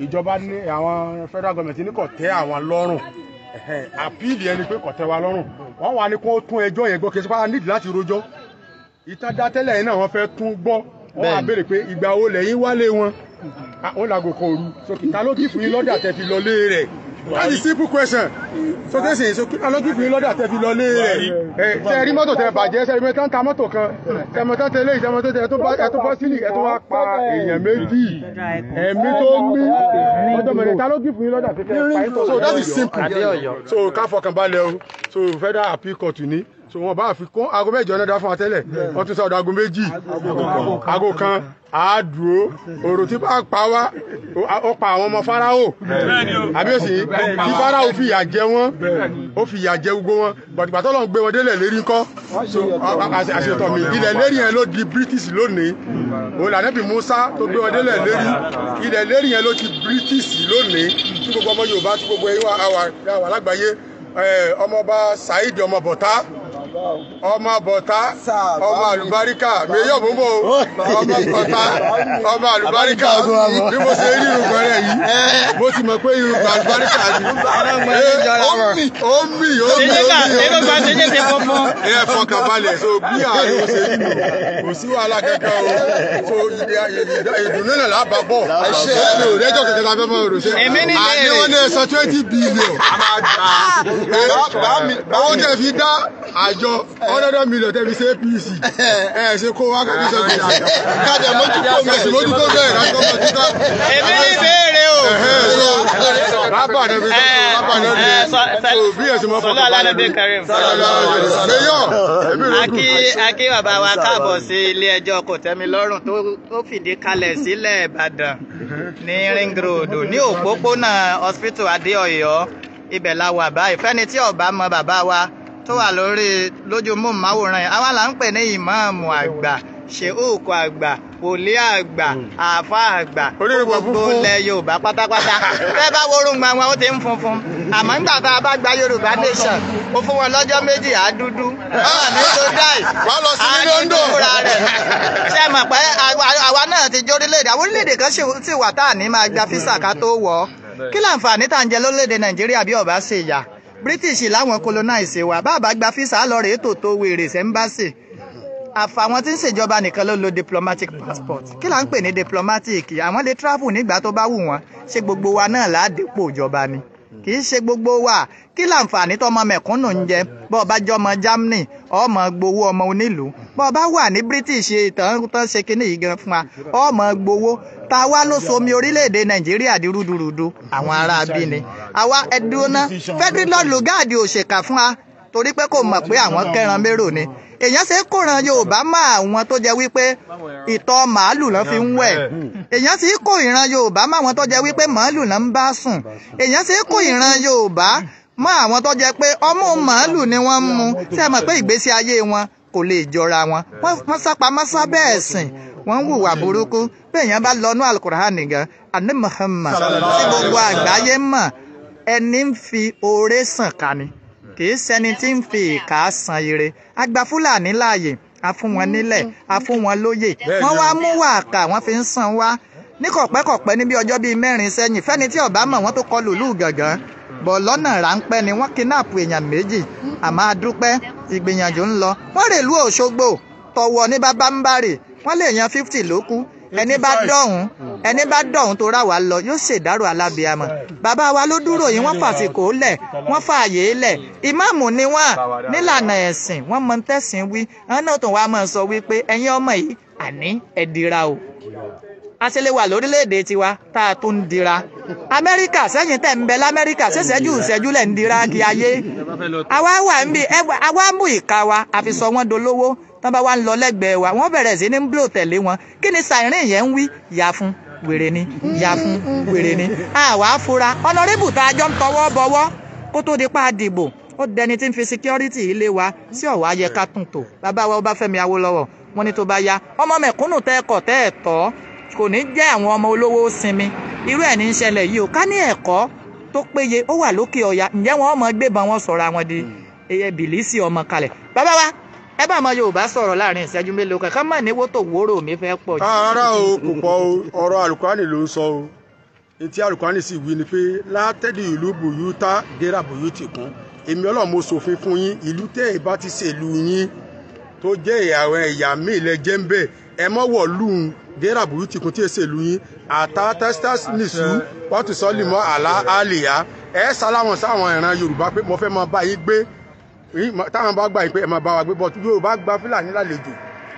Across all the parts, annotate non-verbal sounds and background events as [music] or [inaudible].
ìjọba ní àwọn federal government ní kò tẹ́ àwọn lọ́rùn àpíìlì ẹni pé kò tẹ́ wa lọ́rùn wọ́n wà ní kó tún ẹjọ́ yẹn gbọ́ kí ẹ sọ́kà nídìí láti rojọ́ ìtajà tẹ́lẹ̀ yẹn náà wọ́n fẹ́ tún gbọ́ wọ́n á béèrè pé ìgbà wo lẹ́yìn wálé wọn ó làgò òru sókè ta ló kí fún yín lọ́dà tẹ́ fi lọ lé rẹ̀ That's a simple question. So tẹ́sí èso ọlọ́dúnkùn lọ́dọ̀ àtẹ́fi lọlé rẹ̀. Eh, ṣé rí mọ́tò tẹ bàjẹ́ ṣe mẹ́ta ń ta mọ́tò kan? Tẹmọ̀tán tẹ léyìí tẹmọ̀tán tẹ ẹ̀tọ́ bọ́ sílì ẹ̀tọ́ wá pa èèyàn méjì. Ẹ̀mí tó ń mí. Ọjọ́ mẹ́rin ta ló gífún lọ́dọ̀ àtẹ́fẹ́. So that's simple. So come for balẹ̀ So federal appeal court ni so wọn bá fi kún aago mẹ́jọ náà dá fún wa tẹ́lẹ̀ wọn tún sọdọ aago méjì aago kan àádùó ọ̀rọ̀ tí bá pa wá ó pa àwọn ọmọ farao àbíyèsí tí farao fìyà jẹ wọn ó fìyà jẹ gbogbo wọn gbàtìgbà tó lọ́n gbé wọn délẹ̀ lérí ńkọ́ àṣetọ̀ mi ilẹ̀ lérí yẹn ló di british lónìí olànẹ́bí musa tó gbé wọn délẹ̀ lérí ilẹ̀ lérí yẹn ló ti british lónìí tí gbogbo ọmọ yorùbá tí gbogbo ẹ̀yin wà lágbàáyé ọmọọba saheed ọmọ bọ̀tá ọmọ bọ̀tá ọmọ àlùbáríkà mẹ́yọ̀ bóbó ọmọ bọ̀tá ọmọ àlùbáríkà bí mo ṣe rí irun gbọ́rẹ̀ yìí mo sì mọ̀ pé irun gbọ́ àlùbáríkà ni ó mì ó mì ó mì ó mì ẹ fọkàn balẹ̀ so bí ààrẹ ó ṣe rí mi kò sí wàhálà kankan o so ìdùnnú náà lábàá bọ̀ ẹ mi ò rẹ́jọ́ kankan lábẹ́ mọ́ òròṣẹ́ àníwọ́n náà sọ twenty billion. báwo tẹ̀ fi dá àjọ àjọ ọ̀rẹ́dọ̀ mílíọ̀n tẹ̀bi ṣe apc [laughs] ẹ̀ ṣe kó wá kábí sọ bí àjọ. kájà mójútó bẹ́ẹ̀ kájà mójútó bẹ́ẹ̀ lásán mójútó. èmi ní ìbéèrè o. rábà náà fi rábà náà fi òbí ẹ̀sìn mọ́ fọ́kùn bá nàbí. akí akí bàbá wa káàbọ̀ sí ilé ẹjọ́ kòtẹ́milọ́rùn tó fìdí kalẹ̀ sílẹ̀ ìbàdàn ní ring road ní òpópónà hospital adéọyọ ibẹ̀ la wà báyìí fẹ́ni tí ó mọ bàbá wa tó wà lórí lójú móhùnmáwòrán yẹn àwa là ń pè ní ìmáàmù àgbà ṣeúkọ àgbà wòlé àgbà hmm. àfa àgbà gbogbo ilẹ̀ yorùbá pátápátá bẹ́ẹ̀ bá worún gba wọn ó ti ń funfun àmọ́ nígbà tá a bá gba yorùbá nation ó fún wọn lọ́jọ́ méjì àdúdú ah. ọ̀rọ̀ ní tó dáì àdúdú fúnra rẹ̀ ṣe mọ̀ pé àwa náà ti jó orílẹ̀-èdè kan sì wà tá à ní máa gba físà ká tó wọ̀ ọ́ kí láǹfààní tá à ń jẹ lórílẹ̀ nàìjíríà bí ọ̀bá ṣe yà British láwọn colonize wa bàbá gba fisa lọ rèé tòótó wèrè sẹ́ńbáṣì àfàwọn tí ń ṣèjọba nìkan ló lo diplomatic passport kí là ń pè ní diplomatic àwọn lè travel nígbà tó bá wù wọ́n ṣe gbogbo wa náà ládépò ìjọba ni. Hmm. kì í ṣe gbogbo wa kí láǹfààní tọmọ mẹ̀kúnnù ń jẹ bọ́ ọ bá jẹ́ ọmọ Germany ọmọ gbowó ọmọ onílùú bọ́ ọ wà ní British ìtàn tán ṣe kínní yìí gan fún wa ọmọ gbowó ta wá ló somi orílẹ̀-èdè Nàìjíríà di rúdurùdu àwọn ará bí ni àwa ẹ̀dùn náà Federal Lugard fún wa torí pé kò mọ̀ pé àwọn kẹran mérò ni èèyàn ṣe kóran yorùbá mọ àwọn tó jẹ wípé ìtọ̀ màálù lọ́n fi ń wẹ̀ èèyàn ṣe kó ìran yorùbá mọ àwọn tó jẹ wípé màálù lọ́n ń bá sùn èèyàn ṣe kó ìran yorùbá mọ àwọn tó jẹ pé ọmú màálù ni wọn ń mu ṣé ẹ mọ̀ pé ìgbésí ayé wọn kò lè jọra wọn Wọn wọ́n sápamọ́ sábẹ́ ẹ̀sìn Wọn ń hùwà burúkú bí èèyàn bá lọ nú alukur'ani gan ani muhammad tí gbogbo àgbáyé mọ̀ ẹni ń fi oore sàn kani kì í ṣẹni tí ń fi ìka san ire a gba fúlàní láàyè a fún wọn nílẹ̀ a fún wọn lóyè wọ́n wá mú wàkà wọ́n fi ń san wá ní kọ̀pẹ́kọ̀pẹ́ níbi ọjọ́ bíi mẹ́rin sẹ́yìn fẹ́ni tí ọ̀bá mọ̀ wọ́n tó kọ lùlù gàngán bọ̀ lọ́nà ráńpẹ́ ni wọ́n kidnapu èèyàn méjì àmọ́ adúpẹ́ ìgbìyànjú ń lọ wọ́n rèlú Òṣogbo tọwọ́ ní bábá wọ́n lè yan fifty ló ẹni bá dọ̀hún ẹni bá dọ̀hún tó rà wá lọ yóò ṣèdárò alábìàmọ̀ bàbá wa ló dúró yìí wọ́n fàsìkò lẹ̀ wọ́n fààyè lẹ̀ ìmáàmù ni wọ́n nílànà ẹ̀sìn wọ́n mọ tẹ̀sìn wí àwọn náà tó wá máa sọ wípé ẹ̀yin ọmọ yìí àní ẹ̀dìra o asele wa lórílẹ̀‐èdè tiwa tá a tún ń dira amẹ́ríkà sẹ́yìn tẹ̀ ń bẹ lamẹ́ríkà ṣẹ̀ṣẹ́jú ṣẹ́jú lẹ̀ ń dira kí ayé àwa wà ń bí àwa mú ìka wa àfi sọ wọ́n dolówó tán bá wá ń lọ lẹ́gbẹ̀ẹ́ wa wọ́n bẹ̀rẹ̀ sí ní ń blow tẹ̀lé wọn kí ni siren yẹn ń wí yà fún wèrè ni yà fún wèrè ni àwa fura ọ̀nàrẹ́bù tá a jọ ń tọwọ́ bọwọ́ kó tó di pa àdìbò ó dẹni tí ń fi security ilé wa sí ọ̀wá yẹ ká tún tò bàbá wa Ọbáfẹ́mi Awólọ́wọ̀ wọ́n ní tó bá yá ọmọ mẹ̀kúnnù tẹ́ ẹ̀kọ́ tẹ́ ẹ̀ tọ́ kò ní jẹ́ àwọn ọmọ olówó sinmi irú ẹ̀ ní í ṣẹlẹ̀ yìí o ká ní ẹ̀kọ́ tó péye ó wà lókè ọ̀yà ǹjẹ́ wọn ọmọ gbébọn wọn sọ̀rọ̀ àwọn di hmm. bìlísì ọmọ kalẹ̀ bàbá wa ẹ bá àwọn yorùbá sọ̀rọ̀ láàrin ìṣẹ́jú mélòó kan ká má níwó tó wóró mi fẹ́ pọ̀ rárá o kò pọ̀ o ọ̀rọ̀ àlùkùránì ló ń sọ o etí àlùkùránì sì wí ni pé látẹ́dì ìlú bùyútà gẹ́rà bùyútì kún èmi ọlọ́run mo ṣòfin fún yín ìlú tẹ́ ẹ bá ti ṣèlú yín tó jẹ́ àwọn ẹ̀yà míì lẹ jẹ́ ń bẹ̀ ẹ mọ́ wọ̀ lùn gẹ́rà bùyútì kún tí ẹ ṣèlú yín àtà tẹ́sítẹ́s nìṣú wọ́n ti sọ lìmọ́ àlá àlìyá ẹ sáláwọn sáwọn ìran yorùbá pé mo fẹ́ mọ báyìí gbé táwọn bá gbà yìí pé ẹ máa bá wa gbé bọ́tú yóò bá gba fúlàní lálejò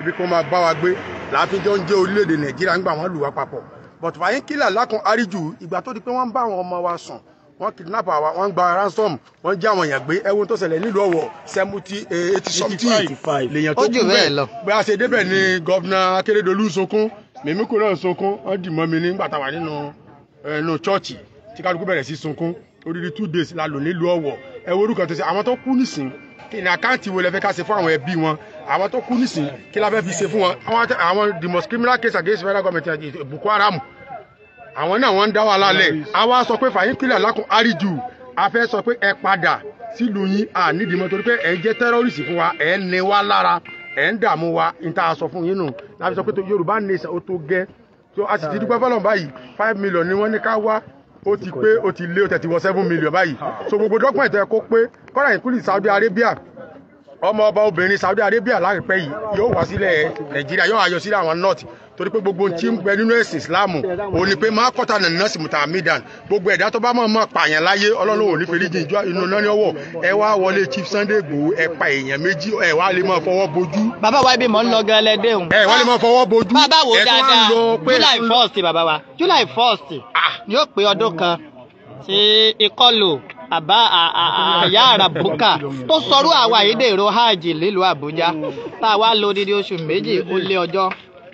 ibi kan máa bá wa gbé láàfin jọ ń jẹ́ orílẹ̀-èdè nàìjíríà ń gbà wọ́n lù wá papọ̀ bọ̀tù fàyín kílà lákan àríjù ìgbà tó di pé wọ́n ń bá àwọn ọmọ wa sùn wọ́n kidnap àwa wọ́n ń gba ransom wọ́n ń já àwọn èèyàn gbé ẹ̀wọ̀n tó ṣẹlẹ̀ nílùú ọ̀wọ̀ seventy eh, eighty something lèèyàn tó kú bẹ́ẹ̀ bí a ṣe débẹ̀ ni gọ́vnà akérèdọ́lù sunkún mímíkù náà sunkún wọ́n dì mọ́ mi nígbà táwa nínú ẹnu eh, chọ́ọ̀chì tí kálukú bẹ̀rẹ̀ sí sunkún odidi two days la lò nílùú ọ̀wọ̀ ẹ wo orúkọ tó ṣe àwọn tó kú nísìn kí ni àkáǹtì wo lẹ fẹ́ ká ṣe fún àwọn ẹbí wọn àwọn tó kú nísìn kí la fẹ́ fi ṣe fún wọn àwọn the most criminal case against federal government Boko Haram àwọn náà wọ́n ń dá wa lálẹ́ àwa sọ pé fàyín pínlẹ̀ lákùn àríjù a fẹ́ sọ pé ẹ padà sílùú yín à nídìí mọ́ torí pé ẹ jẹ́ tẹ́rọ́rìsì fún wa ẹ ní wa lára ẹ ń dààmú wa ní tá sọ fún yín nù láti sọ pé Yorùbá nation ó tó gẹ́ tó a sì ti dúpẹ́ fọlọ́n báyìí five million ni wọ́n ní ká wá ó ti pé ó ti lé ó tẹ̀ ti wọ seven million báyìí so gbogbo dọ́gbọ̀n ìtọ́ ẹ kó pé kọ́ra ìkúlì Saudi Arabia ọmọ ọba obìnrin Saudi Arabia láìpẹ́ yìí yóò wá sílẹ̀ Nàìjíríà yóò ayọ̀ sílẹ̀ àwọn north torí pé gbogbo tí ń bẹ nínú ẹ̀sìn Islam òun ni pé máa kọ́ta nàná sí muta midan gbogbo ẹ̀dá tó bá mọ̀ mọ̀ pààyàn láyé Ọlọ́run ò ní fèrè jìn ìjọ inú náà ọwọ́ ẹ wá wọlé Chief Sunday Igboho ẹ pa èèyàn méjì ẹ wá lè máa fọwọ́ bojú. bàbá wa ibi mọ̀ ń lọ gan lẹ́dẹ̀ òun. ẹ wá lè máa fọwọ́ bojú. bàbá wo dáadáa July first bàbá wa July first ah. ni ó pé ọdún kan tí ìkọlù àbá àyà àràbùkà tó sọrú àwa ìdèrò hajj nílùú àbújá tá a wá lò odidi oṣù méjì ó lé ọjọ́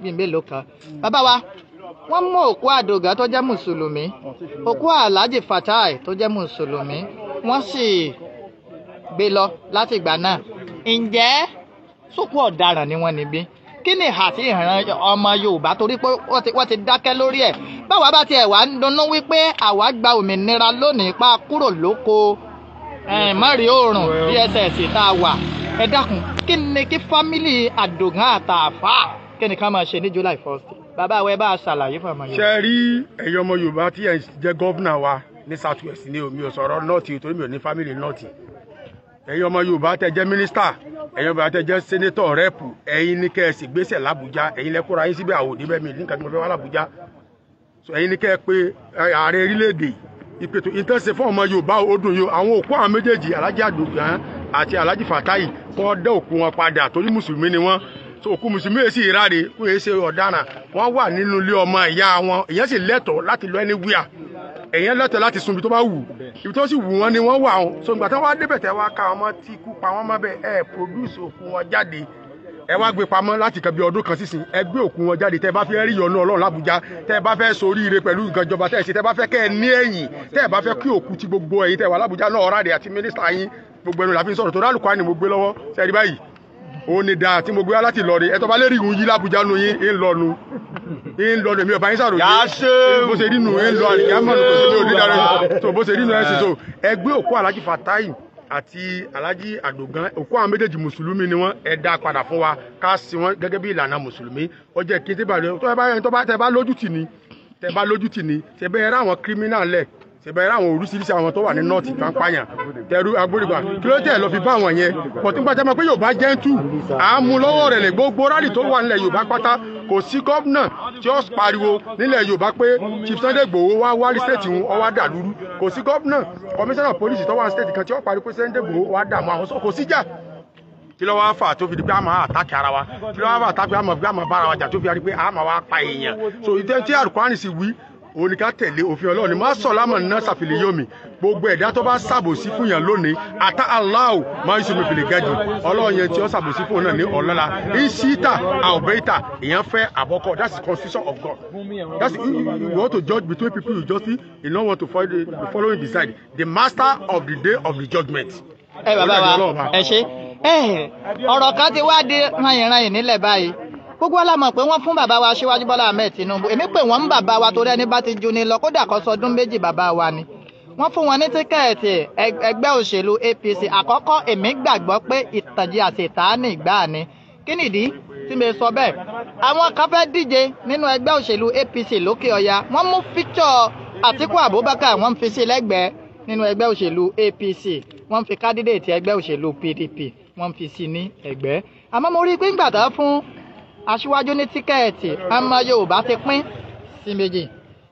bíi mélòó kan bàbá wa wọ́n mú òkú àdògà tó jẹ́ mùsùlùmí òkú alhaji fatai tó jẹ́ mùsùlùmí wọ́n sì gbé lọ láti ìgbà náà ǹjẹ́ sókú ọ̀daràn ni wọ́n níbí kí ni ìhà sí ìran ọmọ Yorùbá torí pé wọ́n ti dákẹ́ lórí ẹ̀ báwa bá tiẹ̀ wá ń dunnú wípé àwa gba òmìnira lónìí pa kúrò lóko mọ́rìí òòrùn DSS tá a wà ẹ dákun kí ni kí fámìlì Àdògán àtàfà kí ni ká máa ṣe ní July 1st bàbá wa ẹ bá a ṣàlàyé fún ọmọ Yorùbá. ṣe rí ẹ̀yin ọmọ Yorùbá tí ẹ̀ ń jẹ́ wa ní south west ni omi ò sọ̀rọ̀ nọ́ọ̀tì torí mi ò ní fámìlì nọ́ọ̀tì ẹ̀yin ọmọ yorùbá tẹ jẹ́ mínísítà ẹ̀yin ọmọ yorùbá tẹ jẹ́ sénétọ̀ rẹ́pù ẹ̀yin ní kẹ́ ẹ sì gbéṣẹ̀ làbújá ẹ̀yin lẹ́kọ́ra yín síbẹ̀ àwòdì bẹ́ẹ̀ mi nǹkan tí mo fẹ́ wá làbújá ẹ̀yin ní kẹ́ ẹ pé ààrẹ orílẹ̀-èdè ìpètò ìtẹ́sí fún ọmọ yorùbá ọdún yìí àwọn òkú àwọn méjèèjì alájí àdògán àti alájí fàtáyì kọ́ dẹ́ òkú wọn padà torí mùsùlùmí ni wọ́n so òkú mùsùlùmí èsì ìráre kó èsì ọ̀daràn wọ́n wà nínú ilé ọmọ ìyá wọn ìyẹn sì lẹ́tọ̀ọ́ láti lọ anywhere èèyàn lẹ́tọ̀ láti sun ibi tó bá wù ibi tó sì wù wọ́n ni wọ́n wà wọn so ìgbà tí wọ́n wá débẹ̀ tẹ́ wá ká ọmọ tí kú pa wọ́n má bẹ́ẹ̀ ẹ̀ produce òkú wọn jáde ẹ wá gbé pamọ́ láti kan bí ọdún kan sísìn ẹ gbé òkú wọn jáde tẹ bá fẹ́ rí ìyọ́nú ọlọ́run lábújá tẹ bá fẹ́ soríire pẹ̀lú nǹkan ìjọba tẹ ṣe tẹ bá fẹ́ kẹ́ ẹ ní ẹ̀yìn tẹ bá fẹ́ kí òkú ti gbogbo ẹ̀yìn tẹ wà lábújá náà ọ̀rá rẹ̀ àti mínísítà yín gbogbo ẹnu làfi sọ̀rọ̀ tó rálùkọ́ àni mo gbé lọ́wọ́ sẹ́rí báyìí òun ni dáa tí mo gbé wá láti Ìlọrin ẹ tó bá lè rí ìhun yí lábújá nu yín ń lọ nu ń lọ lèmi ọba yín sàròyé bó ṣe rínu ń lọ àríyá mọ̀nà kò sí ní onídàárẹ̀ tó [laughs] bó ṣe rínu ẹ̀sìn tó ẹgbẹ́ òkú alájí Fatai àti alájí àdògán òkú àwọn méjèèjì mùsùlùmí ni wọ́n ẹ dá padà fún wa ká sí wọn gẹ́gẹ́ bí ìlànà mùsùlùmí ó jẹ́ kí n tẹ́ bá lójú tì ní tẹ́ bá lójú tì ní tẹ́ bẹ́ẹ̀ rá àwọn kírímínà lẹ̀ ṣẹbẹ ra àwọn oríṣiríṣi àwọn tó wà ní north tó ń pààyàn tẹrú agbórígbà kí ló tẹ lọ fi bá àwọn yẹn pọtí pátá máa pé yorùbá jẹ́ńtù àmú lọ́wọ́ rẹ̀ lè gbogbo rálì tó wà nílẹ̀ yorùbá pátá kò sí gómìnà tí ó pariwo nílẹ̀ yorùbá pé chief Sunday Igboho wá wá state wọn ọwá dàlúrú kò sí gómìnà commissioner police tó wà ní state kan tí ó pariwo pé Sunday Igboho wá dààmú àwọn sọ kò síjà kí ló wá fà tó fi di pé a máa àtàkì ara wa kí ló wá fà tó fi di pé a máa bára wa jà tó fi di pé a máa wá pa èèyàn so ìtẹ́ tí àrùkọ́ àrùn sì wí òun ni ká tẹ̀lé òfin ọlọ́run ni má sọ lámọ̀ ná sàfìlì yomi gbogbo ẹ̀dá tó bá ṣàbòsí fún yàn lónìí ata aláwò máa ń ṣomi fìlì gẹ́dù ọlọ́run yẹn tí ó ṣàbòsí fún náà ní ọ̀lọ́la ìṣíta àwòbẹ́ta èèyàn fẹ́ àbọ̀kọ that's the constitution of God that's you want to judge between people you just see you no want to follow following beside the master of the day of the judgment. ẹ bàbá wa ẹ ṣe ọ̀rọ̀ kan ti wá di ranyìnranyìn nílẹ̀ báyìí gbogbo wa la mọ̀ pé wọ́n fún bàbá wa Aṣíwájú Bọ́lá Ahmed Tinubu èmi pé wọ́n ń bàbá wa torí ẹni bá ti ju ni lọ kódà kó sọdún méjì bàbá wa ni wọ́n fún wọn ní tíkẹ́ẹ̀tì ẹgbẹ́ òṣèlú APC àkọ́kọ́ èmi gbàgbọ́ pé ìtànjẹ àti ìtaánì ìgbà ni kí nìdí tí mi sọ bẹ́ẹ̀ àwọn kan fẹ́ díje nínú ẹgbẹ́ òṣèlú APC lókè ọya wọ́n mú fíjọ́ Àtíkù Abubakar wọ́n fi sí lẹ́gbẹ̀ẹ́ nínú ẹgbẹ́ òṣèlú APC wọ́n fi kádídéètì ẹgbẹ́ òṣèlú PDP wọ́n fi sí ní ẹgbẹ́ àmọ́ mo rí i pé ń gbàdá fún aṣíwájú ní tíkẹ́ẹ̀tì ọmọ yorùbá ti pín sí méjì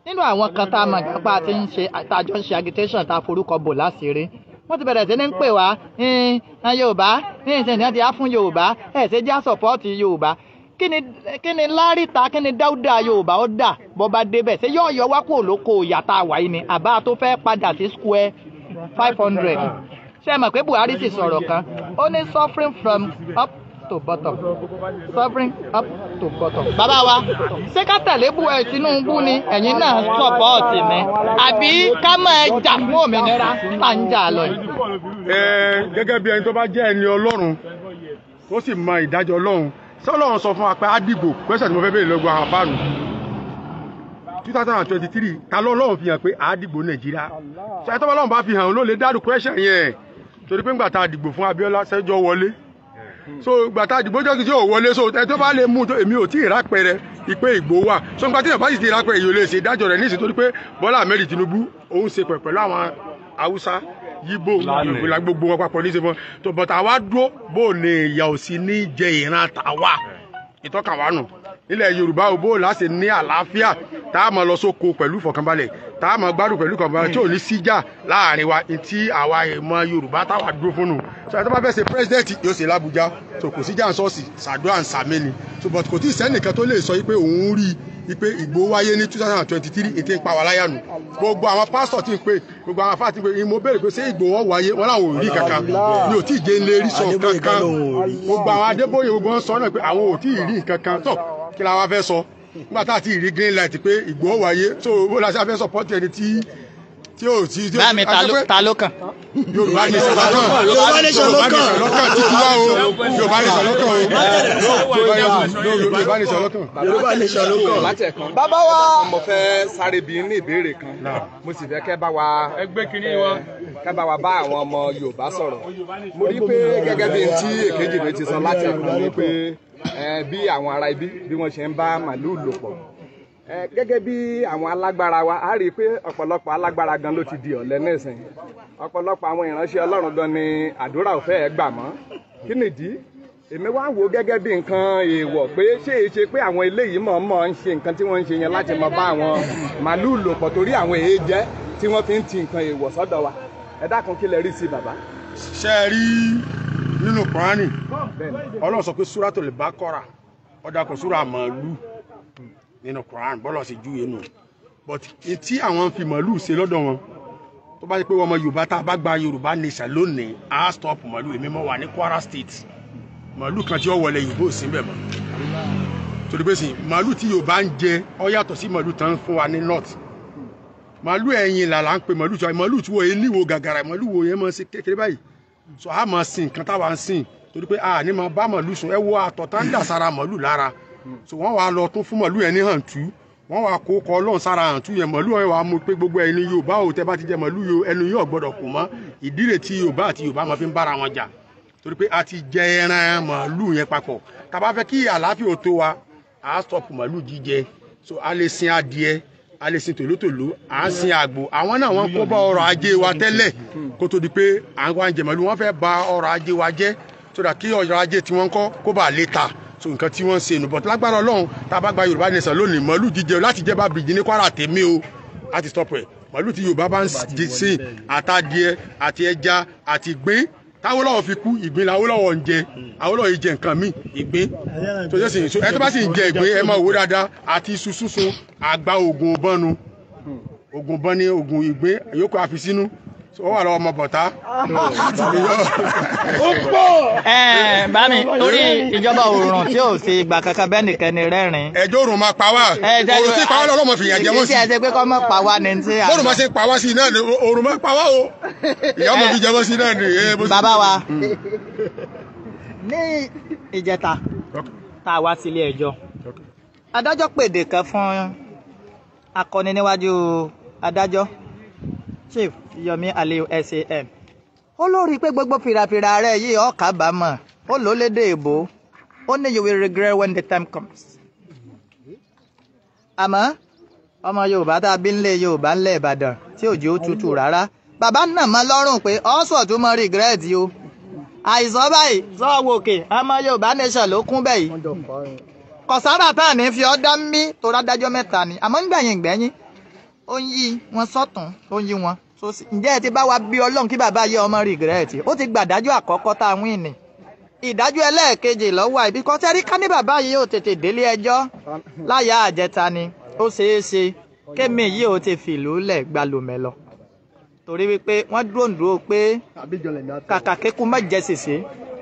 nínú àwọn kan tá a mọ̀ nípa ti ń ṣe àtàjọ ń ṣe agitation tá a forúkọ bò láṣìírí wọ́n ti bẹ̀rẹ̀ sí ní pè wá ẹn yorùbá ní ìsìnkú ti á fún yorùbá ẹ̀ ṣe já sọ̀pọ́ọ̀tì yorùbá kí ni kí ni láríta kí ni dáúdà yorùbá ó dà bọ́ bá débẹ̀ ṣé yóò yọ wá kó lóko ìyàtà wáyé ni àbá tó fẹ́ padà sí square five hundred ṣé ẹ mọ̀ pé buhari sì sọ̀rọ̀ kan ó ní suffering from up to bottom suffering up to bottom. bàbá wa ṣé ká tẹ̀lé bú ẹ Tinubu ni ẹ̀yin náà sọ̀pọ̀ọ̀tì mi àbí ká mọ̀ ẹ jà fún òmìnira tá ń jà lọ yìí. gẹ́gẹ́ bí ẹni tó bá jẹ́ ẹni Ọlọ́run ó sì mọ ìdájọ́ Ọlọ́run ṣé Ọlọ́run sọ fún wa pé àdìgbò pẹ́sẹ̀ tí mo fẹ́ bèèrè lọ́gbọ̀n àbáàrùn two thousand and twenty three ta lọ́lọ́run fi hàn pé àdìgbò Nàìjíríà ṣe àtọ́wọ́lọ́run bá fi hàn ló lè dárú pẹ́sẹ̀ yẹn torí pé ńgbà tá a dìgbò fún Abíọ́lá ṣẹ́jọ́ wọlé so gbàtà ìdìbò jọ́kì tí ò wọlé so ẹ tó bá lè mú èmi ò tí ì rápẹrẹ ìpè ìgbò wà so nípa tí ìyàbá sì ti rápẹrẹ yìí ò lè ṣe ìdájọ́ rẹ̀ níṣẹ́ torí pé Bọ́lá Ahmed Tinubu òun ṣe pẹ̀ pẹ̀lú àwọn Haúsá yíbò gbogbo wọn papọ̀ níṣẹ́ fún tó bọ̀tà wá dúró bó lè yà ò sí ní jẹ ìran tàwa ìtọ́ka wa nù nílẹ̀ Yorùbá òbó láṣẹ ní àlàáfíà tá a máa lọ sóko pẹ̀lú ìfọ̀kànbalẹ̀ tá a máa gbádùn pẹ̀lú ìfọ̀kànbalẹ̀ tí ò ní síjà láàrin wa tí àwa ìmọ̀ Yorùbá táwa dúró fún nù sọ̀rọ̀ tó bá fẹ́ ṣe pírẹ́sidẹ́ǹtì yóò ṣe làbújá tó kò sí jàǹsọ́ọ̀sì ṣàdúrà ń sàmẹ́ni ṣùgbọ́n kò tí ì sẹ́nìkan tó lè sọ pé òun rí i pé Ìgbòho wáyé ní two thousand and twenty three ètè ń pa wà láyà nù gbogbo àwọn pásítọ̀ tí ń pè gbogbo àwọn afáàtì pé mo béèrè pé ṣé Ìgbòho wáyé wọn làwọn ò rí kankan mi ò tí ì jẹ́ ń lè rí sọ kankan gbogbo àwọn Adébóyè gbogbo wọn sọ náà pé àwọn ò tí ì rí kankan tọ̀ kí la wá fẹ́ sọ nígbà tá a ti rí green light pé Ìgbòho wáyé so bó la ṣe fẹ́ sọ pọ́ǹtì ẹni tí tí o ti tí o ti báàmì ta ló kàn. yorùbá ní sọ lọ́kàn yorùbá ní sọ lọ́kàn lọ́kàn títí wá o yorùbá ní sọ lọ́kàn o yorùbá ní sọ lọ́kàn. yorùbá ní sọ lọ́kàn. bàbá wa mo fẹ́ sáré bí ní ìbéèrè kan mo sì fẹ́ kẹ́ bá wa kẹ́ bá wa bá àwọn ọmọ yorùbá sọ̀rọ̀ mo rí pé gẹ́gẹ́ bí n tí èkejì mi ti sọ láti àná ni pé bí àwọn ará ibi bí wọ́n ṣe ń bá màlúù lò pọ̀ gẹ́gẹ́ bí àwọn alágbára wa a rí i pé ọ̀pọ̀lọpọ̀ alágbára gan ló ti di ọ̀lẹ nísìn ọ̀pọ̀lọpọ̀ àwọn ìránṣẹ́ ọlọ́run gan ni àdúrà ò fẹ́ẹ́ gbà mọ́ kí nìdí èmi wá wò gẹ́gẹ́ bí nǹkan èèwọ̀ pé ṣé é e ṣe pé àwọn eléyìí mọ̀ọ́mọ̀ ń ṣe nǹkan tí wọ́n ń ṣe yẹn láti mọ bá àwọn màálùú lò pọ̀ torí àwọn èè jẹ́ tí wọ́n fi ń ti nǹkan èèwọ̀ sọ́dọ̀ wa ẹ dákun kí lẹ rí sí bàbá. ṣe é rí nínú kùránì ọlọ́run sọ pé súrátò lè bá kọ́ra ọ̀dà kò súrà màálùú nínú Quran bọ́lọ̀ sì júwe nù but tí àwọn fi màálù ṣe lọ́dọ̀ wọn tó bá ti pé ọmọ Yorùbá tá a bá gba Yorùbá nation lónìí á stop màálù èmi mọ́ wà ní Kwara State màálù kan tí ó wọlé yìí bó sí bẹ̀ mọ́ torí pé sìn màálù tí Yorùbá ń jẹ ọ yàtọ̀ sí màálù tán fún wa ní north màálù ẹ̀yìn làlà ń pe màálù tí màálù tí wo ẹni wo gàgàrà màálù wo yẹn máa ṣe kékeré báyìí sọ á máa sìn nǹkan táwa ń sìn torí pé a ní máa bá màálù sùn ẹ wo àtọ̀ tá ń dà lára so wọ́n wá lọ tún fún màálù yẹn ní hàn tú wọ́n wá kó kọ ọlọ́run sára hàn tú yẹn màálù yẹn wá mú pé gbogbo ẹni yorùbá ò tẹ́ bá ti jẹ màálù yóò ẹnu yóò gbọ́dọ̀ kù mọ́ ìdílé tí yorùbá àti yorùbá máa fi ń bára wọn jà torí pé a ti jẹ ẹran màálù yẹn papọ̀ tá bá fẹ́ kí àlàáfíà ó tó wa à á stop màálù jíjẹ so a lè sin adìẹ a lè sin tòlótòló à ń sin àgbò àwọn náà wọ́n kó bá ọrọ̀ ajé wa tẹ́lẹ̀ kó tó di pé à ń wá jẹ màálù wọ́n fẹ́ bà ọrọ̀ ajé wa jẹ́ so dà kí ọrọ̀ ajé tí wọ́n kó bàa lè ta so nǹkan tí wọ́n ń ṣe nù but lágbára ọlọ́run tá a bá gba yorùbá nation lónìí màálù jíjẹ láti jẹ́ bá bìrìjì ní kwara tèmi o láti stop ẹ̀ màálù tí yorùbá bá ń sìn àtàdìẹ àti ẹja àti gbìn táwọlọ́wọ́ fi kú ìgbín làwọlọ́wọ́ ń jẹ àwọlọ́wọ́ yìí jẹ nǹkan míì ìgbín tó yẹ sìn ẹ tó bá sì ń jẹ ìgbín ẹ máa wò dáadáa àti iṣu súnsun àgbà ògùn ọbọnu ògùn ọbọnu ògùn ìgbín yòókù àfi sínú ó wà lọ́wọ́ ọmọ bọ̀tá. ó pọ̀. ẹ ẹ bá mi torí ìjọba òòrùn tí ò sí ìgbà kankan bẹ́ẹ̀ nìkan ni rẹ́rìn. ẹjọ́ òòrùn máa pa wá òòrùn tí pa wá lọ́wọ́ fìyà jẹ wọ́n sí. ìṣe pé kọ́ mọ̀ pa wá ni ti. bọ́ọ̀rù máa ṣe pa wá sí i náà ni òòrùn máa pa wá o ìyá ọmọ mi jẹ wọ́n sí i náà ni. bàbá wa hmm. ní ìjẹta tá a wá sílé ẹjọ́ adájọ́ pèdè kan fún akọni níwájú adájọ́ Chief Yomi Aliyu SAN ó lórí pé gbogbo fìràfìrà rẹ yìí ó kábàámọ̀ ó ló lédè èbó ó ní you will regret when the time comes. àmọ́ ọmọ Yorùbá tá a bí ńlẹ̀ Yorùbá ńlẹ̀ Ìbàdàn tí òjò ó tutù rárá bàbá náà mọ lọ́rùn pé ọ̀sọ̀ tó mọ regret o àìsàn báyìí sọ́ọ̀wọ́ òkè ọmọ Yorùbá nation ló kún bẹ́ẹ̀ yìí kọ̀sára tá à ní fi ọ́ dá mí tó rádájọ́ mẹ́ta ni àmọ́ ń gbẹ̀yìn gbẹ̀yìn ó ń yí wọn sọ́tún ó ń yí wọn sósì ǹjẹ́ ẹ ti bá wa bí ọlọ́run kí bàbá yẹ ọmọ rìgírẹ́ẹ̀tì ó ti gbàdájọ́ àkọ́kọ́ tá a wín ni ìdájọ́ ẹlẹ́ẹ̀kejì lọ́wọ́ àìbí kan tẹ́rí ká ní bàbá yìí ò tètè délé ẹjọ́ láyà àjẹta ni ó ṣeé ṣe kémi yìí ò ti fìlú lẹ̀ gbalùmẹ̀ lọ torí wípé wọ́n dúró ń dúró pé kàkà kékun má jẹ́ sèse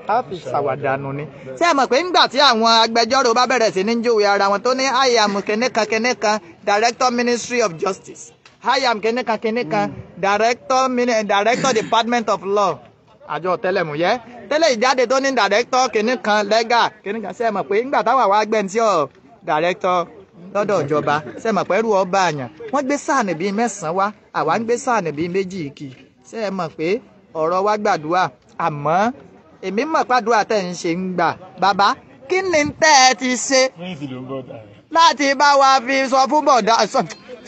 á ṣàwàdànù ni. ṣé ẹ mọ̀ pé ńgbà tí àwọn agbẹjọ́rò bá bẹ̀rẹ̀ sí ní júwe ara wọn tó ní i am kìnìkan kìnìkan director ministry of justice i am kìnìkan kìnìkan director director department of law àjọ ọ̀tẹlẹ̀múyẹ́ tẹ́lẹ̀ ìjáde tó ní director kìnìkan legal kìnìkan ṣé ẹ mọ̀ pé ńgbà táwọn àwọn agbẹ̀ntì ọ̀ director lọ́dọ̀ ìjọba ṣe mọ̀ pẹ́rú ọba àyàn wọ́n gbé sáànì bíi mẹ́sàn-án wá àwa ń gbé sáànì bíi méjì kì í ṣe é mọ̀ pé ọ̀rọ̀ wa gbàdúrà àmọ́ èmi mọ̀ pàdúrà tẹ̀ ń ṣe ń gbà bàbá kí ni tẹ́ ẹ ti ṣe láti bá wa fi sọ fún bọ̀dá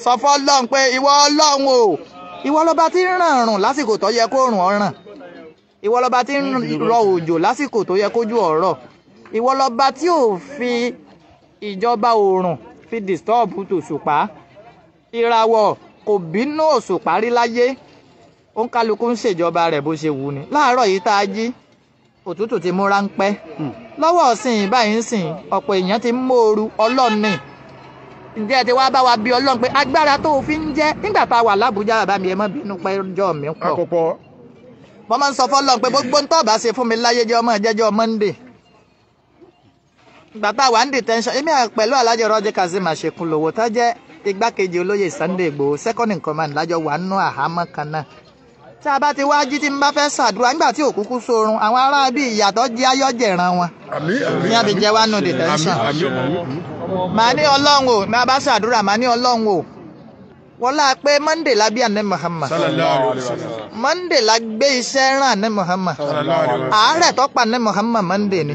sọ fọ́lọ́n pé ìwọ ọlọ́run o ìwọ lọba tí ń ràn rùn lásìkò tó yẹ kó rùn ọ̀ràn ìwọ lọba tí ń rọ òjò lásìkò tó yẹ kójú ọ̀rọ̀ ìwọ lọba tí ò fi ìjọba oòrùn fi disturb tòṣùpá ìràwọ̀ kò bínú òṣùpá rí láyé òǹkálukú ń ṣèjọba rẹ̀ bó ṣe wù ní láàárọ̀ yìí tá a jí òtútù ti mú ráńpẹ́ hmm. lọ́wọ́ ọ̀sìn báyìí ń sìn ọ̀pọ̀ èèyàn ti ń móoru ọlọ́ọ̀nì ǹjẹ́ ẹ ti wá bá wa bí ọlọ́run pé agbára tó o fi ń jẹ́ nígbà tá a wà lábújá bàbá mi ẹ mọ́ bínú pé ọjọ́ mi ń pọ̀ mo máa ń sọ fọ́lọ́run pé gbogbo ń tọ́ọ̀bá ṣe fún mi láyé jẹ́ ọmọ ìjẹ́jọ́ Monday ìgbà tá a wà ń detention èmi pẹ̀lú alájọ rọ́jẹ́ Kazeem Àṣekúnlówó tó jẹ́ igbákejì olóyè Sunday Igboho second in command lájọ wà nù àhámọ́ kan náà tá a bá ti wá jí tí n bá fẹ́ ṣàdúrà nígbà tí òkúkú sorun àwọn ará bíi ìyàtọ̀ jẹ́ ayọ́jẹ̀ran wọn ní àbíjẹ́ wa detention màá ní ọlọ́run o ní a bá ṣàdúrà màá ní ọlọ́run o wọ́n lá pé monday la bí ànẹ́ Muhammad monday la gbé iṣẹ́ rán ànẹ́ Muhammad àárẹ̀ tó pa ànẹ́ Muhammad monday ni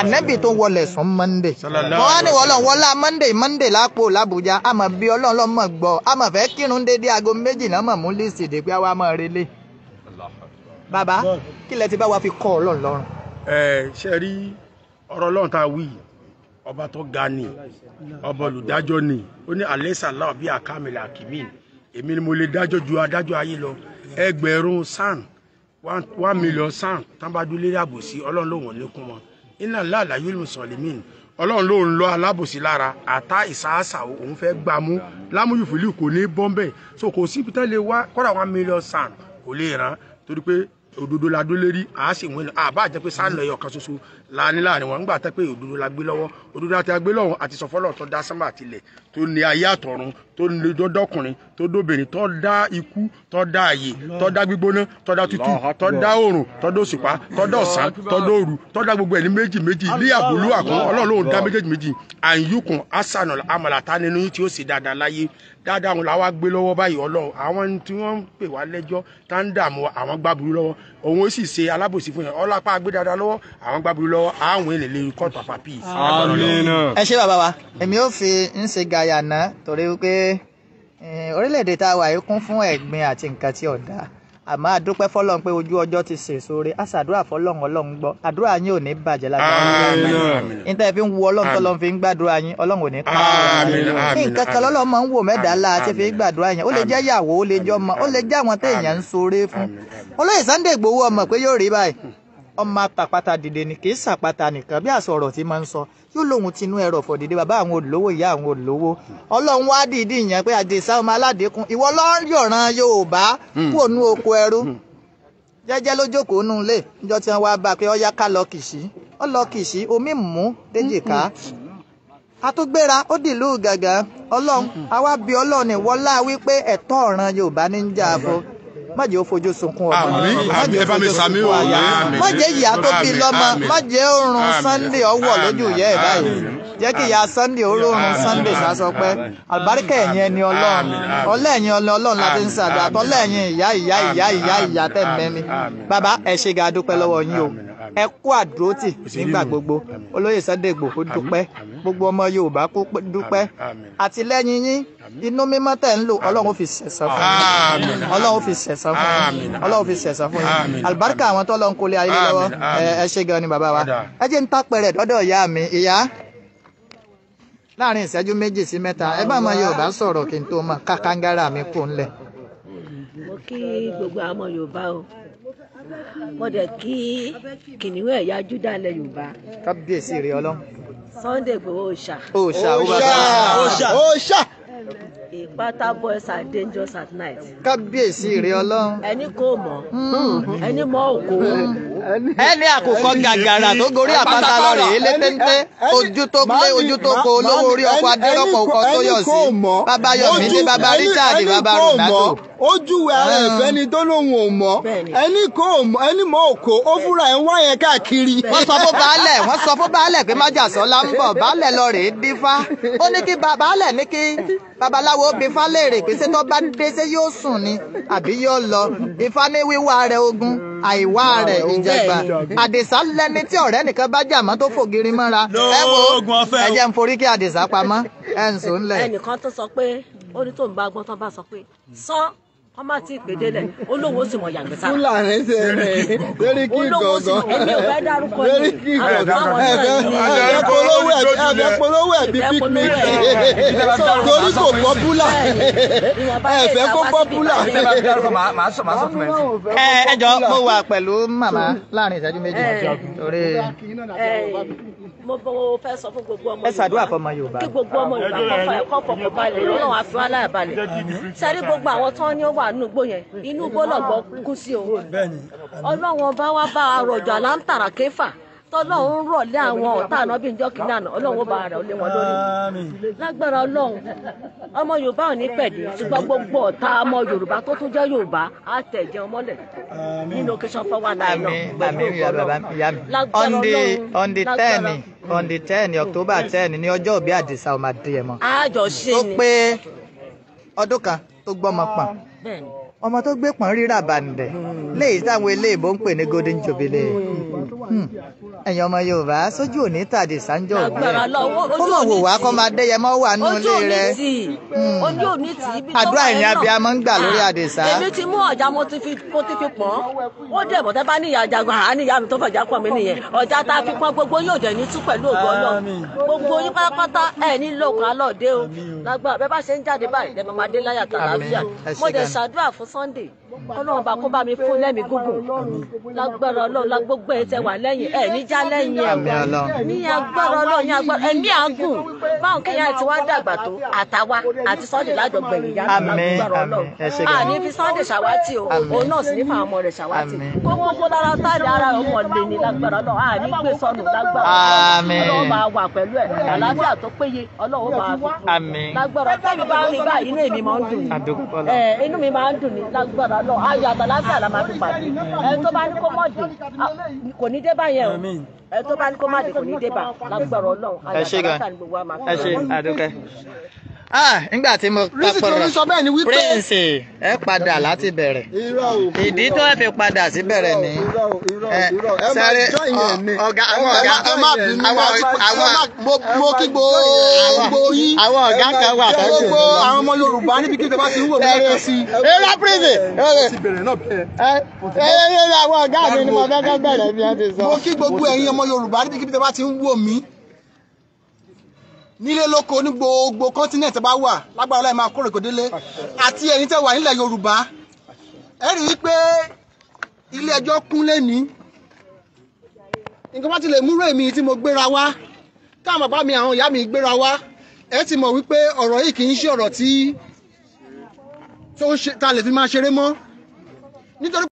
ànẹ́bì tó wọlé sùn monday wọ́n á ní wọ́lọ́ wọ́n lá monday monday lápò làbújá àmọ́ bí ọlọ́run lọ́mọ gbọ́ àmọ́ fẹ́ kírun dédé aago méjì náà mọ̀ mú lísì dé pé àwa máa relé bàbá kí lẹ ti bá wa fi kọ́ ọlọ́run lọ́rùn. ẹ ṣe rí ọ̀rọ̀ ọlọ́run tá a wí yìí ọba tó ga ni ọba olùdájọ́ ni ó ní alẹ́sàlá ọbí àkàmìlà kìmín èmi ni mo lè dájọ́ ju adájọ́ ayé lọ ẹgbẹ̀rún sàn one million sàn tábàdú lérí àbòsí ọlọ́run lòun ò ní kún wọn iná láàlá yóò lù sọ̀lì míì ọlọ́run lòun lọ alábòsí lára àtá ìsáàsà òun fẹ́ gbàmú lámúyùfìlì kò ní bọ́m̀bẹ̀ so kò sí pété lè wá kọ́dà one million sàn kò lè ràn torí pé òdodo la dó lérí àá sì wọ́n àbá jẹ́ pé sáà lọ́yọ̀ kan ṣoṣo la ní láàrin wọn nígbà tẹ́ pé òdodo la gbé lọ́wọ́ òdodo àti agbélọ́wọ́ àti sọ̀fọ́lọ́ tó dá sánmà àtilẹ̀ tó ní ayé àtọ̀run tó ní dọ́dọ́kùnrin tó dóbìnrin tó dá ikú tó dá ààyè tó dá gbígbóná tó dá tútù tó dá oòrùn tó dá òṣùpá tó dá ọ̀sán tó dá òru tó dá gbogbo ẹ̀ ní méjì méjì ní àbúlú àkún ọlọ́run lòun dá méjèèjì méjì àyùkùn asànà amàlàtà nínú tí ó sì dáadáa láyé dáadáa wọn làwa gbé lọ́wọ́ báyìí ọlọ́run àwọn tí wọ́n ń pè wá lẹ́jọ́ tá ń dààmú àwọn gbàbúrú lọ́wọ́ òun ó sì ṣe alábòsí fún yẹn ọlọ́pàá agbé dáadáa lọ́wọ́ àwọn gbàbúrú lọ́wọ́ àwọn èlé lè kọ́ pàpà ìpayà ná torí wípé orílẹ̀-èdè tá a wà yìí kún fún ẹ̀gbin àti nǹkan tí ò dáa àmọ́ àdúpẹ́ fọlọ́run pé ojú ọjọ́ ti sè sóore àṣàdúrà fọlọ́run ọlọ́run gbọ́ àdúrà yín ò ní bàjẹ́ lágbára níta fi ń wo ọlọ́run tó lọ́n fi ń gbàdúrà yín ọlọ́run ò ní pa ní nǹkan kan lọ́lọ́ máa ń wò mẹ́ta la ti fi ń gbàdúrà yín ó lè jẹ́ ìyàwó ó lè jẹ́ ọmọ ó lè jẹ́ àwọn téèyàn ń ṣoore fún olóyè Sunday Igboho ọmọ pé yóò rí báyìí ọmọ àtàpàtà dìde ni kì í sàpàtà nìkan bí àṣọ ọ̀rọ̀ tí máa ń sọ yóò lóhun tinú ẹ̀rọ fọ̀ dìde bàbá àwọn olówó ìyá àwọn olówó ọlọ́run wá dìídì yẹn pé àjèsá ọmọ aládékun ìwọ lọ́yọ̀ràn yorùbá hmm. kú ònú oko ẹrú hmm. jẹ́jẹ́ ló jókòó nù lé níjọ́ tí wọ́n wá bá a pé ọyá ká lọ kìsí ó lọ kìsí omi mú déjìká hmm. atúgbéra ó dìlú gàgà ọlọ́run àwa ọlọ́run ìwọlá wípé ẹ̀tọ́ ọ̀ràn yorùbá ní ń jà bọ́ má jẹ́ ó fojú sunkún ọmọ má jẹ́ ó fojú sunkún aya má jẹ́ ìyá tó bí lọ́mọ má jẹ́ oorun Sunday ọwọ́ lójú ìyá ẹ̀ báyìí jẹ́ kí ìyá Sunday oorun Sunday sásọpẹ́ àbáríkà ẹ̀yin ẹni ọlọ́run ọlá ẹ̀yin ọlọ́run ọlọ́run láti ń sàdúrà tọ́lá ìyá ìyá ìyá ìyá ìyá tẹ̀ mẹ́mi bàbá ẹ ṣé ga lọ́wọ́ yín o ẹ kú àdúrótì nígbà gbogbo olóyè Sunday Igboho dúpẹ́ gbogbo ọmọ Yorùbá kó dúpẹ́ àtìlẹ́yìn yín inú mímọ́ tẹ̀ ń lò ọlọ́run fi ṣẹ̀san fún yín ọlọ́run fi ṣẹ̀san fún yín ọlọ́run fi ṣẹ̀san fún yín àlùbáríkà àwọn tó lọ ń kólé lọ́wọ́ ẹ ṣe gan ni bàbá wa ẹ jẹ́ ń tápẹ̀rẹ̀ dọ́dọ̀ ìyá mi ìyá láàrin ìṣẹ́jú méjì sí mẹ́ta ẹ bá ọmọ Yorùbá sọ̀rọ̀ kí n tó mọ̀ kákángárà mi kò ńlẹ̀. mo kí gbogbo àwọn Yorùbá o mo dẹ̀ kí kìnìún ẹ̀yà júdà ilẹ̀ yorùbá. kábíyèsí rẹ ọlọ́run. Sunday Igboho òòṣà. òòṣà òòṣà òòṣà. ìpátá boys are dangerous at night. kábíyèsí rẹ ọlọ́run. ẹni kò mọ̀ hmm. ẹni mọ̀ òkò. Hmm. ẹni àkùkọ gàgàrà tó gorí àpáta lọ rèé létéńté ojú tó pé ojú tó kó olówó orí ọkọ̀ adérọ́pọ̀ ọkọ̀ tó yọ̀ sí bàbá yọ̀mí dé bàbá Richard bàbá Ronaldo ó júwe ara ah. ẹ̀fẹ́ ni tó lóun ò mọ̀ ẹni kò mọ̀ ẹni mọ̀ òkò ó fúnra ẹ̀ ń wá yẹn káàkiri. wọ́n sọ fún baálẹ̀ wọ́n sọ fún baálẹ̀ pé májàsọ́lá ń bọ̀ baálẹ̀ lọ rèé dífá ó ní kí baálẹ̀ ní kí babaláwo bí ifá léèrè pé ṣé tó bá dé ṣé yóò sùn ni àbí yóò lọ ifá ní wíwá rẹ̀ ogun àìwá rẹ̀ ìjẹgbà àdìsá lẹni tí ọ̀rẹ́ nìkan bá jà mọ́ tó fògiri mọ́ra ẹ wo ẹ jẹ́ ń forí kí àdìsá pamọ́ ẹ ń sùn lẹ̀. ẹnìkan tó sọ pé ó ní tóun bá gbọ́n tán bá sọ pé sán wọ́n má ti pè délẹ̀ olówó sì mọ̀ yàgbẹ́ sára. fúlàní ṣe rẹ̀ lórí kí gọ̀ọ̀gọ̀ lórí kí gọ̀ọ̀gọ̀ ẹ̀fẹ̀ polówó ẹ̀fẹ̀ polówó ẹ̀bí picnic [laughs] torí kò pọ́pùlà ẹ̀fẹ̀ kò pọ́pùlà. ẹ ẹ jọ mo wà pẹ̀lú màmá láàrin ìṣẹ́jú méjì torí mo bọ fẹ́ sọ fún gbogbo ọmọ Yorùbá ẹ ṣàdúrà fọmọ Yorùbá kí gbogbo ọmọ Yorùbá kọ fọkàn balẹ̀ lọ́nà àfihàn aláàbalẹ̀ sẹ́rí gbogbo àwọn tán ni ó wà wà nínú igbó yẹn inú igbó lọ̀gbọ́ kú sí o ọlọ́run ọba wa bá a rọ̀jò àlántàrà àwọn ọ̀tá àná ọba wọn lórí lágbára ọmọ yorùbá ò ní pẹ̀lú ṣùgbọ́n gbogbo ọ̀tá ọmọ yorùbá tó tún jẹ́ yorùbá á tẹ̀ nínú ọmọ tó gbọ́mọ pọ̀n ọmọ tó gbé pọ̀n rírà bàǹdẹ̀ léyìí táwọn eléèbó ń pè ní golden jubilee. Hmm. Hmm. ẹ̀yin ọmọ yorùbá sójú òní tàdé sáńjọ́ òní rẹ̀ kó mọ̀ wò wá kó máa dẹ́yẹ mọ́ wà nù ilé rẹ̀ hmm. ojú òní tì í bí tó wà àdúrà ìyìn abiyamọ ń gbà lórí ah, àdèsá. èmi ti mú ọjà mo ti fi pọ́n ó dẹ̀ bọ̀ tẹ́ bá níyà jagun àá níyà mi tó fẹ̀jà pọ̀ mí nìyẹn ọjà tá a fi pọ́n gbogbo yóò dẹ̀ ní tú pẹ̀lú ògbó náà gbogbo yín pátápátá ẹ̀ nílò kan alọ́ọ̀dẹ́ o lágbára bẹ́ẹ̀ bá ṣe ń jáde báyìí lẹ́ ọlọ́run bá kó bá mi fún lẹ́mí gúngùn lágbára ọlọ́run lágbógbó ẹ wà lẹ́yìn ẹ níjà lẹ́yìn ẹ agbára ọlọ́run ẹ̀mí àgùn báwọn kéèyàn ti wá dàgbà tó àtàwa àti Sunday lágbègbè yìí yá ọlọ́run àní fi Sunday ṣàwátì o òun náà sì ní fún ọmọ rẹ̀ ṣàwátì kó gbogbo lára táàdì ara ọmọ lè ní lágbára ọlọ́run àní gbé sọnù lágbára ọlọ́run ọlọ́run ayọ̀ àtàlásà la máa fi pàdé ẹni tó bá ní kó mọ̀ dé kò ní dé báyẹn o ẹni tó bá ní kó má dé kò ní dé bá lágbára ọlọ́run ayọ̀ àtàlásà ni gbogbo wa máa fi pàdé. ẹ ṣe àdúkẹ́ ah ngbà tí mo papọ̀rọ̀ prince ẹ padà láti bẹ̀rẹ̀ ìdí tó ẹ fi padà sí bẹ̀rẹ̀ ni. Eh, sáré ọ̀gá àwọn ọ̀gá àwọn mo kí gbogbo yín ọmọ Yorùbá níbi kí tẹ́lá ti ń wò mí nílé lóko ní gbogbo kọ́ńtínẹ̀tì bá wà lágbára láì máa kórè kòdélé àti ẹ̀yin tẹ́ wà nílẹ̀ Yorùbá ẹ rí ilé ẹjọ́ kún lẹ́ni nǹkan bá ti lè múrò èmi tí mo gbéra wá táwọn bàbá mi àwọn ìyá mi gbéra wá ẹ ti mọ̀ wípé ọ̀rọ̀ yìí kì í ṣe ọ̀rọ̀ tí tó ń ṣe ta lè fi máa ṣeré mọ́ nítorí.